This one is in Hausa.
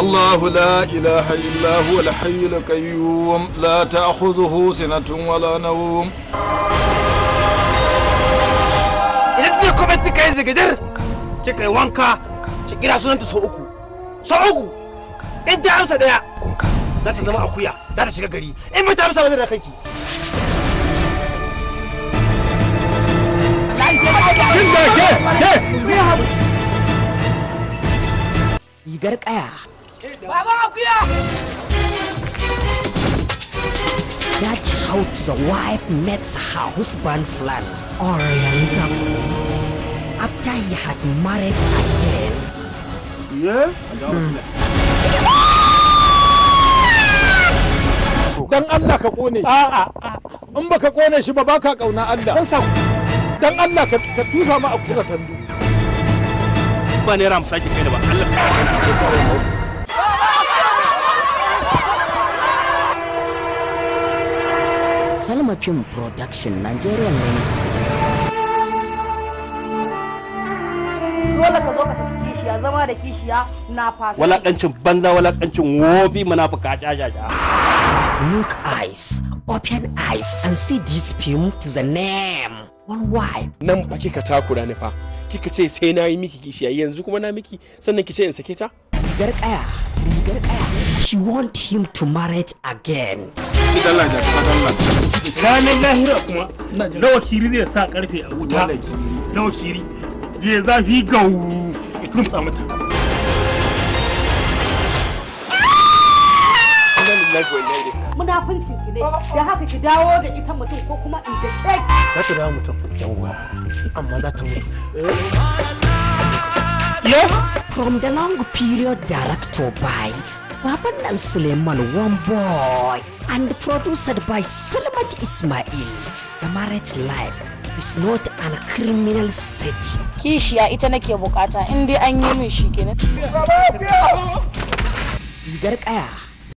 الله لا إله إلا هو الحي القيوم لا تأخذه سنة ولا نوم idan zai kuma kika yi zigidir kika yi wanka ki kira sunanta sau uku sau uku in ta amsa daya za ta zama akuya za ta shiga gari in ba ta amsa da kanki kaya Baba Akuya! That is how the wife makes her husband plan Orialism. After he had married again. Yeah? Dan Allah ka kone. A'a. In baka kone shi ba baka kauna Allah. Dan Allah ka tusa ma a kura tandu. Ba ne kai ba. Allah ka salma film production nigeria ne dole ka zo ka saki kishiya zama da kishiya na fasa walakancin banza walakancin wobi munafuka jajaja look eyes open eyes and see this film to the name one why? nan ba kika takura ne fa kika ce sai na yi miki kishiya yanzu kuma na miki sannan ki ce in sake ta rigar kaya rigar kaya she want him to marry again dalla da ta ranar lahira kuma lawakiri zai sa karfe a wuta lawakiri zai zafi gawu ya tumsa mata munafincin ki ne da haka ki dawo da ita mutum ko kuma in da tsaki za ta dawo mutum yawwa amma za ta mutu From the long period director by nan Suleiman One Boy and produced by Salmat Ismail. The marriage life is not a criminal setting. Kishiya ita nake bukata in dai an yi min shi kenan. Rigar kaya.